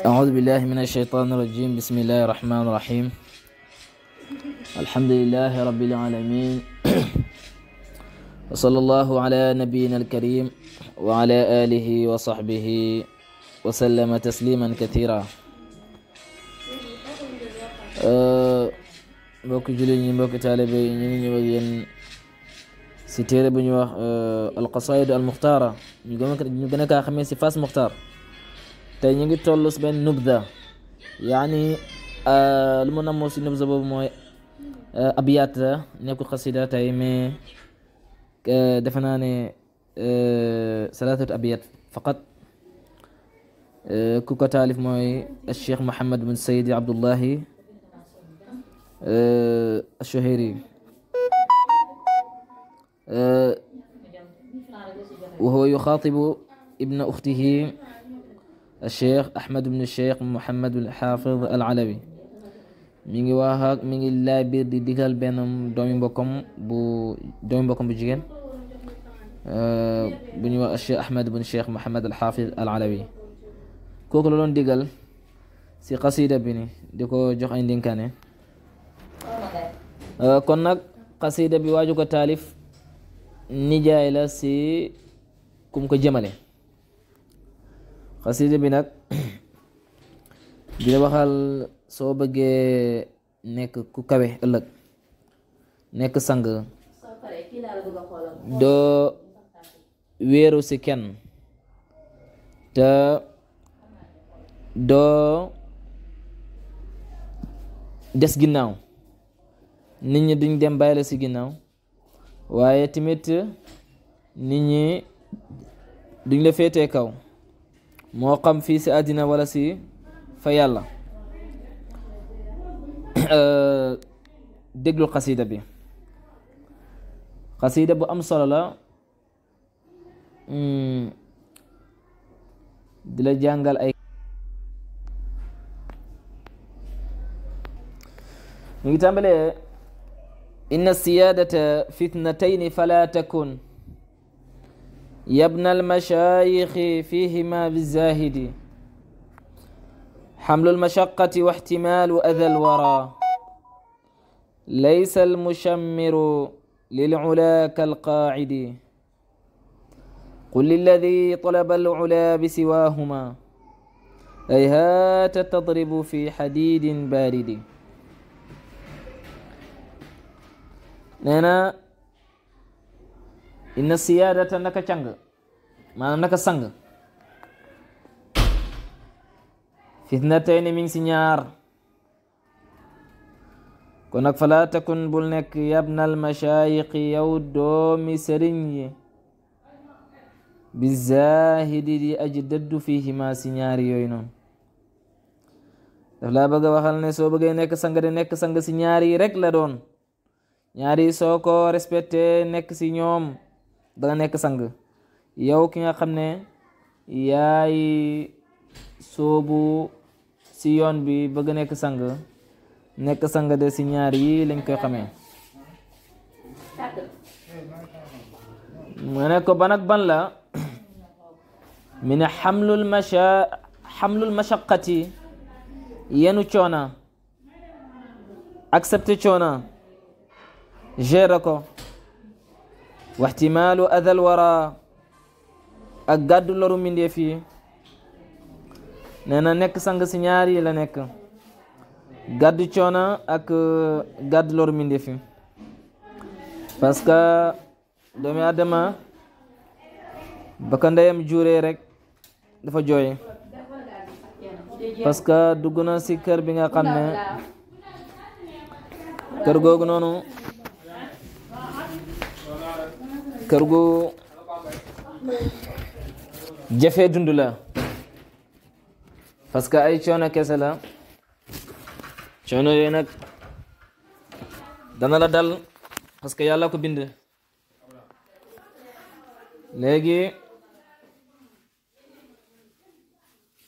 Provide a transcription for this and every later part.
أعوذ بالله من الشيطان الرجيم بسم الله الرحمن الرحيم الحمد لله رب العالمين وصلى الله على نبينا الكريم وعلى آله وصحبه وسلم تسليما كثيرا mbokk jullit ñi mbokk taalibe yi ñu ngi ñëw ak yéen si téere bu ñu wax alqasaid almuxtaara ñu gën a kaa xamee si Fass Muxtaar tey ñu ngi toll si benn nubda yaani euh, lu mu namoo si nubda boobu mooy euh, abiyat la nekku xasida tey mais euh, defe naa ne salaatatu abiyat faqat ku ko taalif mooy Cheikh Mohamed bin Seydi Abdullahi Ash-Shuhayri wa huwa yuxaatibu ibna uxtihi الشيخ أحمد بن الشيخ محمد الحافظ العلوي mi ngi wax ak mi ngi biir di digal ben doomi mbokkam bu doomi mbokkam jigéen eh, bu ñuy wax Cheikh Ahmed bun Cheikh Mohamed al Xaafid Alawi kooku la doon digal si xasida bi di ko jox ay eh, kon nag xasida bi waaju ko taalif nijaay la si kum ko jëmale xasida bi nag dina waxal soo bëggee nekk ku kawe ëllëg nekk sang doo weeru ci kenn te doo des ginnaaw nit ñi duñ dem bàyyi la ci ginnaaw waaye tamit nit ñi duñ la féetee kaw moo xam fii si àddina wala si fa yàlla euh, déglu xasida bi xasida bu am solo la hmm. di la jàngal ay mu ngi tàmbalee inna siyaadata fitnatayni fala takun yabna almashaayixi fihima bizahidi xamlu almashaqati wa ixtimaalu ada alwara laysa almushammiru للعلا كالقاعد قل للذي طلب العلا بسواهما هيهات تضرب في حديد بارد nee na inna siyaadata naka càng maanaam naka sang fitnatayni mi ngi si ñaar kon nag falaa takun bul nekk yabnal mashayiqi yow doomi sëriñ yi bi zaahidi di aji dëddu fiihima si ñaari yooyu noonu daf laa bëgg a waxal ne soo bëggee nekk sang de nekk sang si ñaari rek la doon ñaari soo ko nekk si ñoom da nga nekk sang yow ki nga xam ne yaay soobu si yoon bi bëgg nekk sang nekk sang de si ñaar yi lañ koy xamee mu ne ko ban ak ban la mi ne xamlul masha xamlul mashaqati yenu coona accepté coona géré ko waxtimaalu adal wara ak gàddu loru mbindeef yi nee na nekk sang si ñaar la nekk gàddu coona ak gàddu loru mbindeef yi parce que doomi Adama ba ko ndeyam juree rek dafa jooy parce que dugg na si kër bi nga xam ne kër googu kër gu jafee dund la parce que ay coono kese la coono yooyu nag dana la dal parce que yàlla ko bind léegi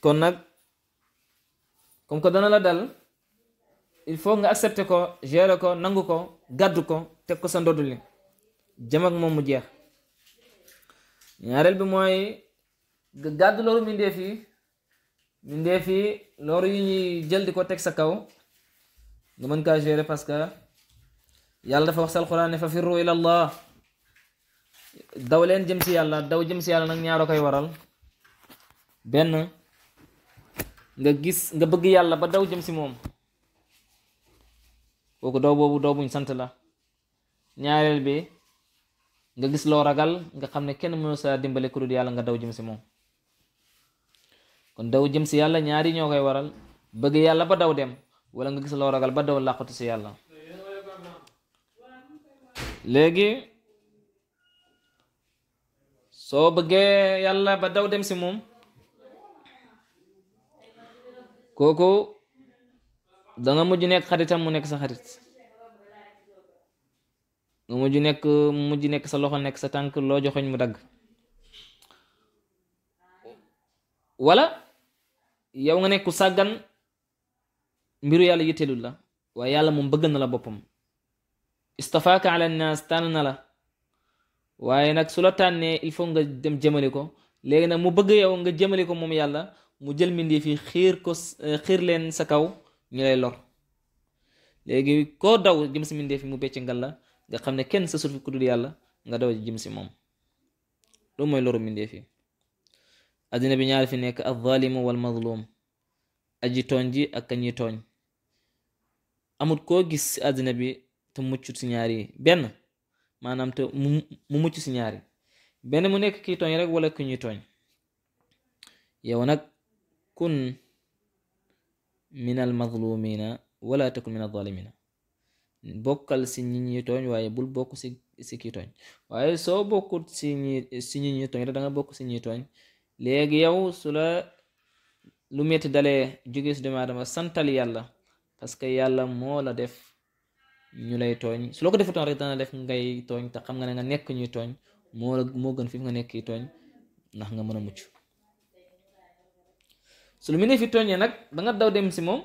kon nag comme que dana la dal il faut nga accepter ko gérer ko nangu ko gàddu ko teg ko sa ndodd jëm ak moom mu jeex ñaareel bi mooy gàdd loolu mindeef yi mindeef yi loolu yu ñuy jël di ko teg sa kaw nga mën kaa gérer parce que yàlla dafa wax sa alquran ne fa firru ila daw leen jëm si yàlla daw jëm si yàlla nag ñaaro koy waral benn nga gis nga bëgg yàlla ba daw jëm si moom kooku daw boobu daw buñ sant la ñaareel bi nga gis loo ragal nga xam ne kenn mënu sa dimbali ku dul yàlla nga daw jëm si moom kon daw jëm si yàlla ñaari ñoo koy waral bëgg yàlla ba daw dem wala nga gis loo ragal ba daw làqatu si yàlla léegi soo bëggee yàlla ba daw dem si moom kooku da nga mujj nekk xaritam mu nekk sa xarit nga ju nekk mu mujj nekk sa loxo nekk sa tànk loo joxoñ mu dagg wala yow nga nekku sàggan mbiru yàlla yitteelul la waaye yàlla moom bëgg na la boppam istafaaka ala nnaas tànn na la waaye nag su la tànnee il faut nga dem jëmale ko léegi nag mu bëgg yow nga jëmale ko moom yàlla mu jël mbindéef yi xiir ko xiir leen sa kaw ñu lay lor léegi koo daw jëm si mbindéef yi mu becc ngal la nga xam ne kenn sa sul fi ku du yàlla nga daw jëm si moom loolu mooy loru mindee fi addina bi ñaar fi nekk alzalimu wal mazlum aji ji ak kañi tooñ amut koo gis si addina bi mucc si ñaari benn maanaam mu mucc si ñaari benn mu nekk kii tooñ rek wala ku ñuy yow nag kun min al mazlumina wala takun min al zalimina bokkal si ñi ñi tooñ waaye bul bokk si si kii tooñ waaye soo bokkut si ñi si ñi tooñ rek da nga bokk si ñi tooñ léegi yow su lu metti dalee jóge si doomu aadama santal yàlla parce que yàlla moo la def ñu lay tooñ su ko defutoon rek dana def ngay tooñ te xam nga ne nga nekk ñuy tooñ moo la moo gën fi nga nekk yi tooñ ndax nga mën a mucc su lu mu ne fi tooñee nag da nga daw dem si moom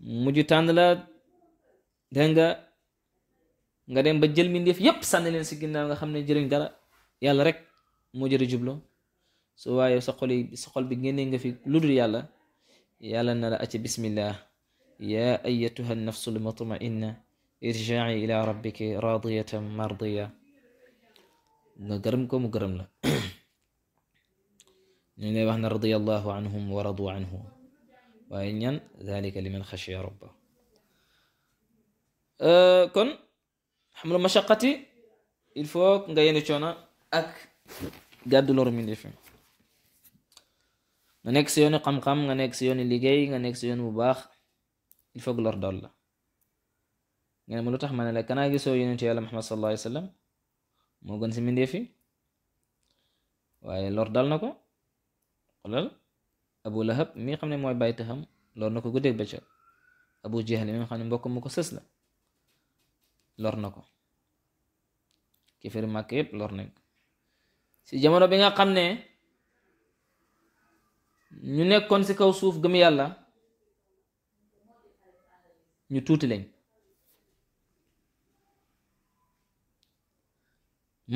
mujj tànn la dégg nga nga dem ba jël mbindeef yépp sànni leen si ginnaaw nga xam ne jëriñ dara yàlla rek moo jëri jublo su waaye sa xol yi sa bi génnee nga fi lu dul yàlla yàlla na la acca bismillah yaa ayatuha nafsu l mutmainna irjai ila rabbiki radiyatan mardiya nga gërëm ko mu gërëm la ñu lay wax na radiyallahu anhum wa radu waaye ñan dalika liman xashiya rabba kon xam la mashaqati il faut nga yenu coona ak gàddu loru mi nga nekk si yooni xam nga nekk si yooni liggéey nga nekk si yoon bu baax il faut lor dool la nga ne ma lu tax ma ne la kanaa gisoo yonentu yàlla Muhammad sallallahu alayhi wa sallam moo gën si mindeefi waaye lor dal na ko xolal abu la mi nga xam ne mooy bàyyi taxam lor na ko guddeeg bëccëg abu jahal mi nga xam ne mbokk mu ko sës la lor na ko kéeféeri màkk yëpp lor nañ ko si jamono bi nga xam ne ñu nekkoon si kaw suuf gëm yàlla ñu tuuti lañ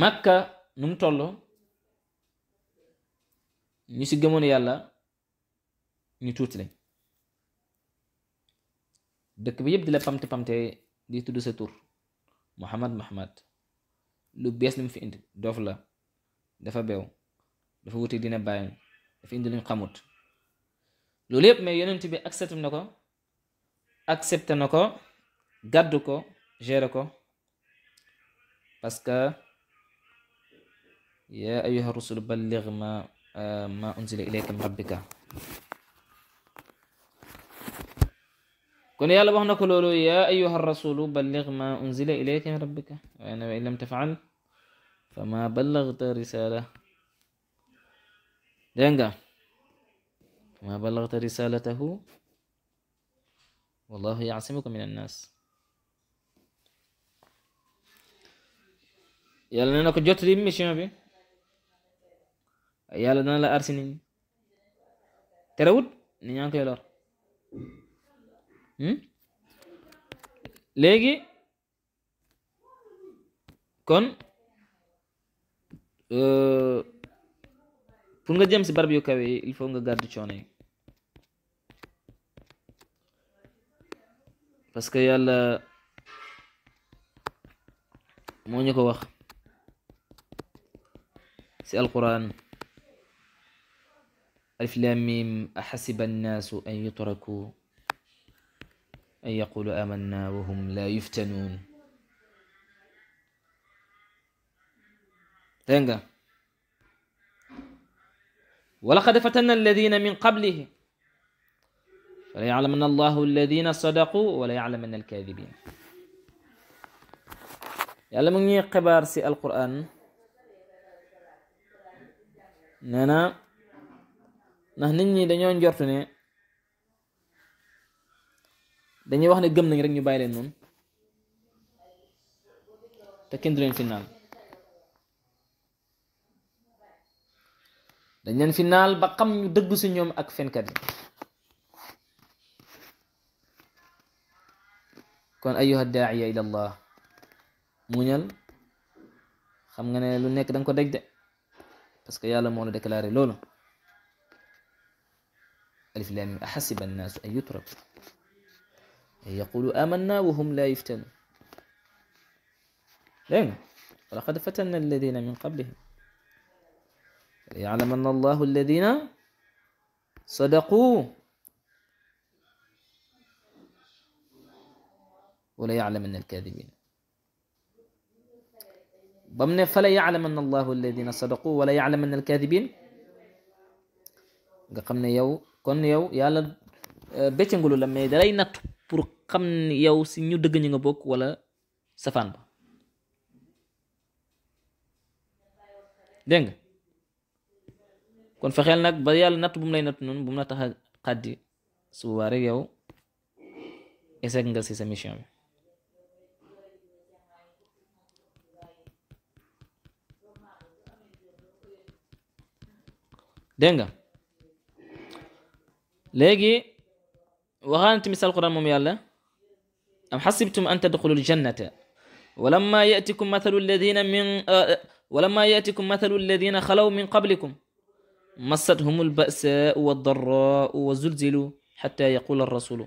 màkka nu mu toll ñu si gëmoon yàlla ñu tuuti lañ dëkk bi yëpp di la pamte pamte di tudd sa tur Muhammad Muhammad lu bees fi indi dof la dafa beew dafa wuti dina bàyyam dafa indi luñ xamut loolu yëpp mais yonent bi accepté na ko accepté na ko gàddu ko géré ko parce que yaa rusul balligh ma ma unzila ilayka min rabbika kon yàlla wax na ko loolu yaa ayuha rasulu ballig ma unzila ilayka min rabbika waaye na wa in lam tafal fama ballagta risala dégg nga fama ballagta risalatahu wallahu yaasimuka min annas yàlla mission bi yàlla dana la arsi nit ñi terewut ni Hmm? léegi kon euh, pour nga jëm si barab yu kawe il faut nga gàddu coono yi parce que yàlla moo ko wax si alquran alif lam mim ahasiba annaasu an yutraku أن يقولوا آمنا وهم لا يفتنون تنقى ولقد فتنا الذين من قبله فليعلمن الله الذين صدقوا وليعلمن الكاذبين yàlla mu ngi xibaar si alquran nee na ndax nit ñi dañoo njortu ne dañuy wax ne gëm nañ rek ñu bàyyi leen noonu te kenn du leen finaal dañ leen finaal ba xam ñu dëgg si ñoom ak fenkat yi kon ayuha daaiya ila allah muñal xam nga ne lu nekk danga ko daj de parce que yàlla moo la déclaré loolu alif lam mim ahasiba annaasu an yutraku yaqulu amanna wa hum laa yuftanun dégg nga wa laqad fatanna alladina min qablihim wa yalamanna allahu alladina sadaqu wala yalamanna alkadibin bam ne fala yalamanna allahu alladina sadaqu wala yalamanna alkadibin nga xam ne yow kon yow yàlla euh, béccangulu la mais dalay nattu pour xam yow si ñu dëgg ñu nga bokk walla safaan ba dégg nga kon fexeel nag ba yàlla natt bu mu lay natt noonu bu mu la tax a xaddi su boobaa rek yow échec nga si sa mission bi dégg léegi waxaana tamit si alquran moom yàlla am xasibtum an tadxulu ljannata walamma yatikum mathalu alladina min walamma yatikum mathalu alladina xalaw min qablikum massathum albasa wadarra wazulzilu xata yaqula arrasulu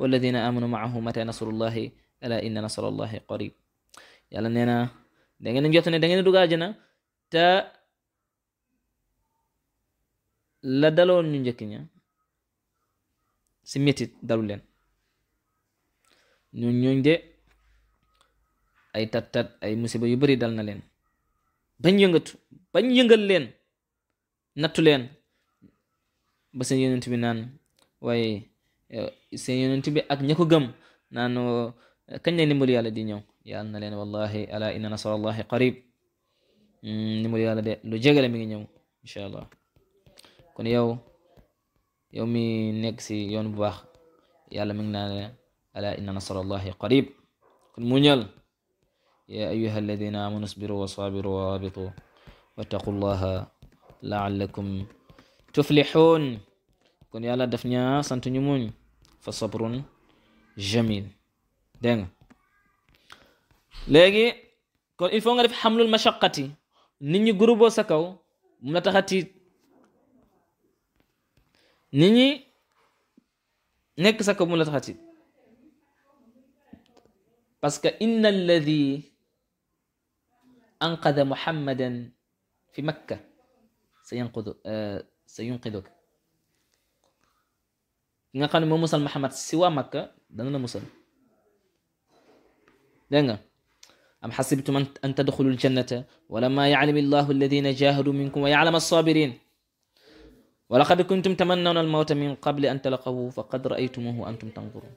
walladina amanu maahu mata nasrullahi ala inna nasrallahi qarib yàlla nee na da ngeen jot ne da ngeen dugg àjjana te la daloon ñu njëkk ña si métit dalul leen ñooñ ñooñ de ay tat tat ay musiba yu bari dal na leen bañ yëngatu bañ yëngal leen nattu leen ba seen yonent bi naan waaye eh, seen yonent bi ak ña ko gëm naan eh, kañ la ndimbal yàlla di ñëw yàlla na leen wallahi ala inna nasrallahi qarib hmm, ndimbal yàlla de lu jegale mi ngi ñëw allah kon yow yow mi nekk si yoon bu baax yàlla mi ngi naan ala inna nasrallahi qarib kon muñal ya ayuha alladina amanu sbiru wa sabiru wa rabitu wattaqu llaha laallakum tuflixuun kon yàlla daf ñaa sant fa sabrun jamil dégg nga kon il faut nga def xamlul mashaqati nit ñi guruboo nit ñi nekk sa ko mu la taxati parce que inna alladi anqada muhammadan fi makka sa yanqudu euh, sa yunqiduk ki nga xam ne moo musal muhammad si waa makka dana la musal dégg nga am xasibtum an tadxulu aljannata walamma yaclam allahu alladina jahadu minkum wa yaclam alsabirin wa laqad kuntum tamannawna al mawta min qabli an talaqahu fa qad raaytumuhu antum tanzurun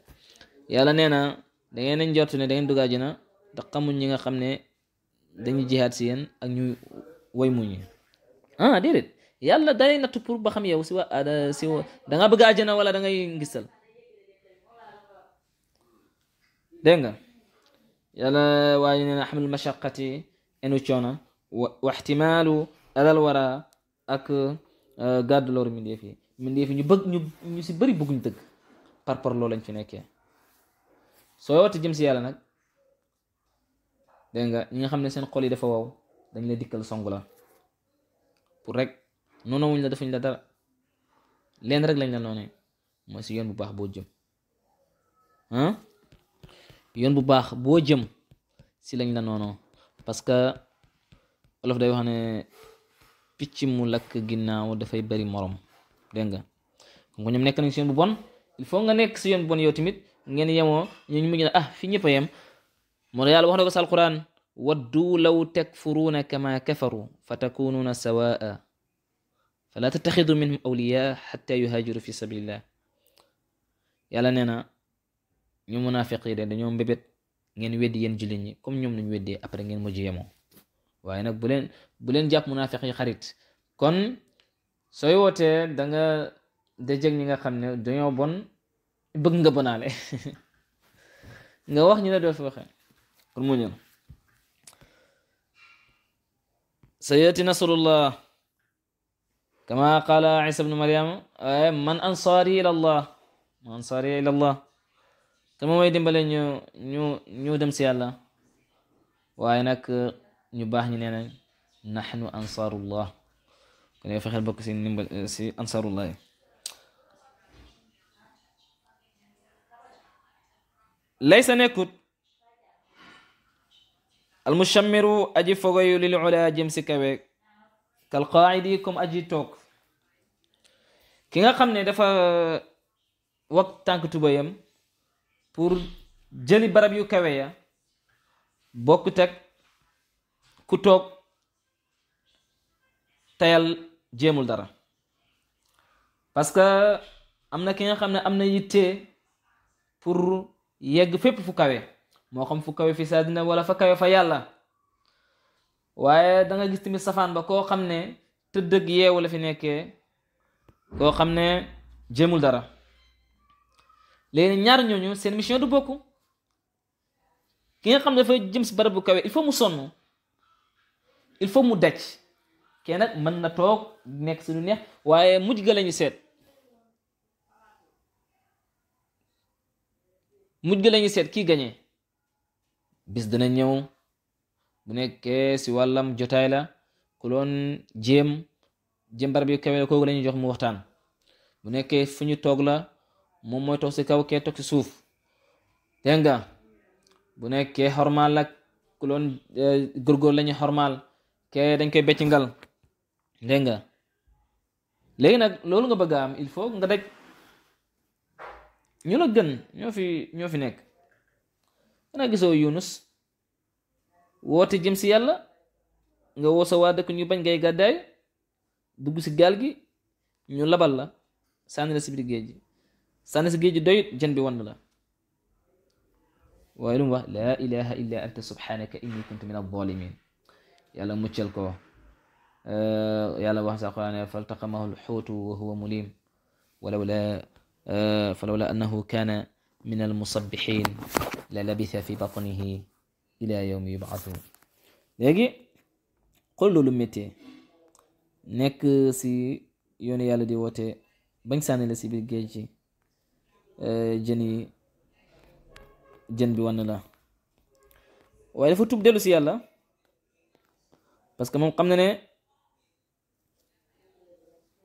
yàlla nee na da ngeen nañ jortu ne da ngeen dugg àjjana te xamuñ ñi nga xam ne dañuy jihaad si yéen ak ñu way muñ ah déedéet yàlla day nattu pour ba xam yow si wa ah, si da nga bëgg àjjana wala da ngay ngisal dégg nga yàlla waaye nee na xamul mashaqati enu coona wa ixtimaalu alal wara ak Euh, gàddu loolu mindeef yi mindeef yi ñu bëgg ñu ñu si bëri bëgguñ dëgg par par loolu lañ fi nekkee soo wootee jëm si yàlla nag dégg nga ñi nga xam ne seen xol yi dafa wow dañ la dikkal song la pour rek wuñ la defuñ la dara leen rek lañ la noonee mooy si yoon bu baax boo jëm ah yoon bu baax boo jëm si lañ la noonoo parce olof day wax ne picc mu lakk ginnaaw dafay bari morom dégg nga ñoom nekk nañ si yoon bu bon il faut nga nekk si yoon bu bon yow tamit ngeen yemoo ñu mujj na ah fi ñëpp a yem moo tax yàlla wax na ko sa alquran waddu law takfuruuna kama kafaru fa takunuuna sawaa falaa tattaxidu minhum awliyaa xatta yuhaajiru fi sabilillah yàlla nee na ñu munaafiq yi de dañoo mbébét ngeen weddi yéen jullit ñi comme ñoom nañu weddee après ngeen mujj yemoo waaye nag bu leen bu leen jàpp munaafiq yi xarit kon sooy wootee da nga dajeg ñi nga xam ne dañoo bon bëgg nga bonaale nga wax ñu ne doo fi waxee kon mu ñëw sayati nasrullah kama qaala isa bnu maryam man ansaari ila allah man ansaari ila allah kama may dimbale ñu ñu ñu dem si waaye nag ñu baax ñi nee nañ naxnu ansaarullah kon yow fexeel bokk si ndimbal si ansaarullah yi laysa nekkut almucammiru aji fogoyu lil ulaa jëm si kawe kal qaacidi comme aji toog ki nga xam ne dafa uh, wag tànk tubayam pour jëli barab yu kawe ya bokkut ku toog tayal jéemul dara parce que am na ki nga xam ne am na yitte pour yegg fépp fu kawe moo xam fu kawe fi saa dina wala fa kawe fa yàlla waaye danga nga gis tamit safaan ba koo xam ne tëddëg yeewu la fi nekkee koo xam ne jéemul dara léegi ñaar ñooñu seen mission du bokk ki nga xam ne dafa jëm si barabu kawe il faut mu sonn il faut mu daj kee nag mën na toog nekk si lu waaye mujj ga la seet mujj ga la seet kii gañee bis dana ñëw bu nekkee si wàllam jotaay la ku loon jéem jéem barab yu la kooku la ñuy jox mu waxtaan bu nekkee fu ñu toog la moom mooy toog si kaw kee toog si suuf dégg nga bu nekkee xormaal la ku loon eh, góorgóor la ñu kee dañ koy becc ngal dégg nga léegi nag loolu nga bëgg a am il faut nga daj ñu la gën ñoo fi ñoo fi nekk xanaa gisoo Yunus woote jëm si yàlla nga woo waa dëkk ñu bañ ngay gàddaay dugg si gaal gi ñu labal la sànni la si biir géej gi sànni si géej gi doyut jën bi wand la waaye lu mu wax laa ilaha illa anta subhanaka inni kuntu min al zalimin yàlla muccal ko eh, yàlla wax sa quraan faltaqamahu alxuutu wa huwa mulim walawla eh, falawla annahu kaana min almusabbixin la labitha fi batnihi ila yawmi yubaathu léegi xool loolu métti nekk si yoonu yàlla di woote bañ sànni la si biir géej gi eh, jën yi jën bi wann la waaye dafa tub si yàlla parce que moom xam na ne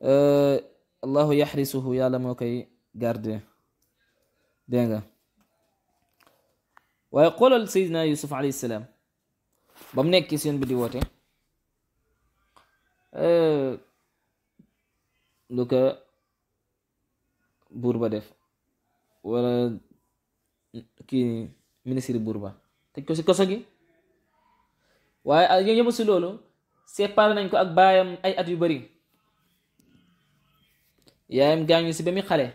euh, allahu yaxrisuhu yàlla moo koy garde dégg nga waaye xoolal seydina yusuf alayhi ba mu nekk si yoon bi di woote euh, lu ko buur ba def wala kii ministre buur ba te koso gi waaye yëmu si loolu séparé nañ ko ak baayam ay at yu bari yaayam gaañu si ba muy xale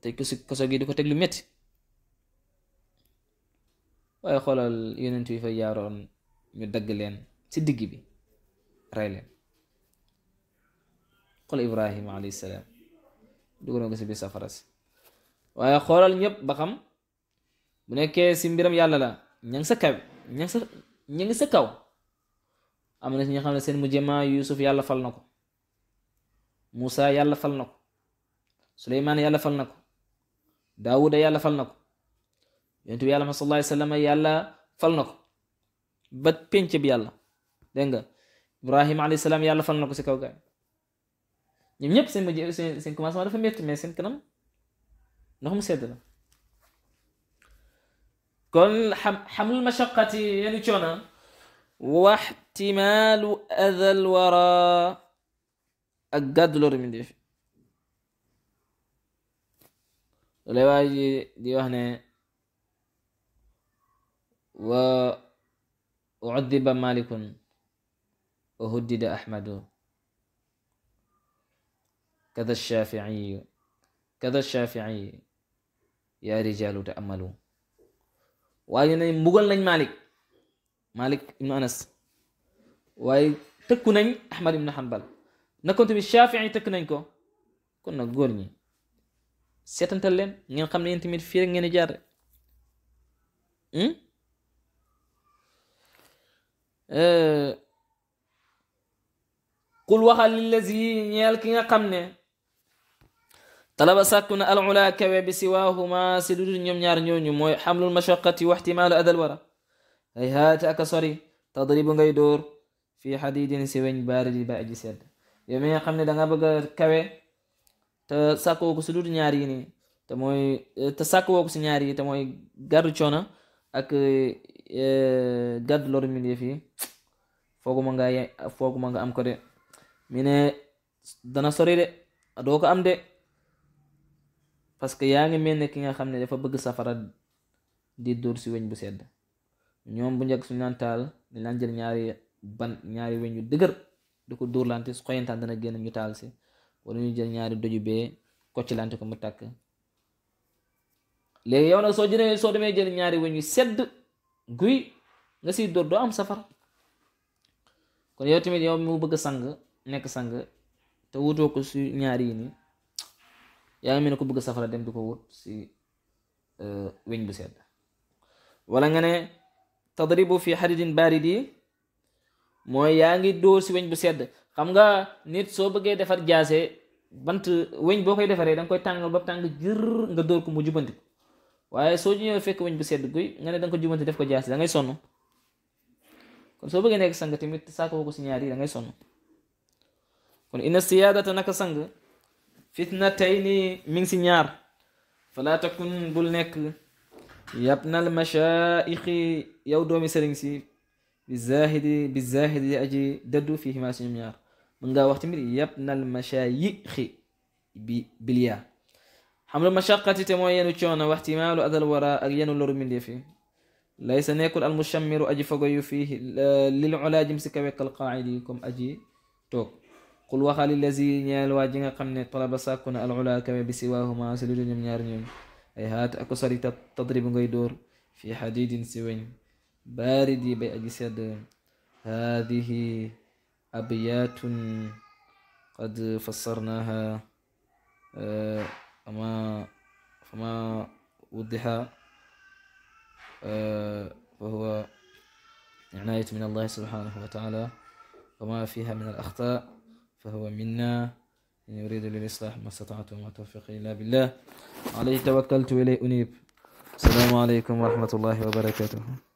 te ko koso gi di ko teg lu metti waaye xoolal yonent yi fa yaaroon ñu dagg leen si digg bi rey leen xool ibrahima alayhi salaam dugaloon ko si biir safara si waaye xoolal ñëpp ba xam bu nekkee si mbiram yàlla la ñang sa kaw ña sa sa kaw am na si ñoo xam ne seen mujje ma Yuusuf yàlla fal na ko Muusa yàlla fal na ko Suleymaan yàlla fal na ko Daawuda yàlla fal na ko yontu yàlla ma sallallahu alayhi wasallam yàlla fal na ko ba pénc bi yàlla dégg nga Ibrahima alayhi salaam yàlla fal na ko si kaw gaay ñoom ñëpp seen mujj seen seen commencement dafa métti mais seen kanam ndox mu sedd kon xam xamlul mashaqati yenu coona waxtimaalu adal wara ak gàddu lor mi def lay waa ji di wax ne wa udiba malikun wa huddida ahmadu kada shaafiiyu kada shaafiiyu ya rijalu ta'amalu waaye ñu ne mbugal nañ Malik Malik ibnu Anas waaye tëkku nañ Ahmad ibnu Hanbal nakon tamit Shafii tëkk nañ ko kon nag góor ñi seetantal leen ngeen xam ne yéen tamit fii rek ngeen di jaar hmm? eh, qul waxal lillazi ñeel ki nga xam ne talaba sàkku na al ula kawe bi siwaahuma si ludul ñoom ñaar ñooñu mooy xamlul mashaqati wa ixtimaalu adal wara ay haata aka sori tadribu ngay dóor fii xadidin si weñ baaridi ba aji sedd yow mi nga xam ne danga bëgg a kawe te sàkkoo ko si ludul ñaar yi mooy te sàkkoo si ñaar mooy gàddu coono ak e, gàddu loru mi def yi fooguma nga am ko de mi dana sori de doo am de parce que yaa ngi mel ne ki nga xam ne dafa bëgg safara di dóor si weñ bu sedd ñoom bu njëkk suñu naan taal dañ naan jël ñaari ban ñaari weñ yu dëgër di ko dóorlante su xoyantaan dana génn ñu taal si jël ñaari doju bee koccilante ko mu takk léegi yow nag soo jëlee soo demee jël ñaari weñ yu sedd guy nga siy dóor doo am safara kon yow tamit yow mu bëgg sang nekk sang te wutoo ko su ñaari nii yaa ngi mel ne ku safara dem di ko wut si euh, weñ bu sedd wala nga ne tadribu fi baari di mooy yaa ngi dóor si weñ bu sedd xam nga nit soo bëggee defar jaase bant weñ boo koy defaree da nga koy tàngal ba tàng jër nga dóor ko mu jubanti ko waaye soo ñëwee fekk weñ bu sedd guy nga ne da nga ko jubanti def ko jaase da sonn kon soo bëggee nekk sang tamit saako ko si ñaar yi da ngay sonn kon ina siyaadata naka sang fitna tey ni mi ngi si ñaar falaa takun bul nekk yabnal mashaayixi yow doomi sëriñ si bi zahidi bi zahidi aji dëddu fii ximaa si ñoom ñaar mën ngaa wax tamit yabnal mashaayixi bi bilya xamlu mashaqati te mooy yenu coono waxtimaalu adal wara ak yenu loru mindeefi laysa nekkul almucammiru aji fagoyu fii lil ulaa jëm si kawe kal qaacidi comme aji toog qul waxal illazi ñeel waa ji nga xam ne talaba sàkku na alxula kawe bi si waahuma si lu ñoom ñaar ñoom ay haat ak sori tadribu ngay dóor fi xadidin si weñ baaridi bay aji sedd haadihi abyaatun qad fassarnaaha eh, fama fama wudixa fa eh, huwa inaayatu min allahi subhanahu wa taala wama fiha min al axtaa فهو منا إن يريد للإصلاح ما استطعت وما توفيقي إلا بالله عليه توكلت وإليه أنيب السلام عليكم ورحمة الله وبركاته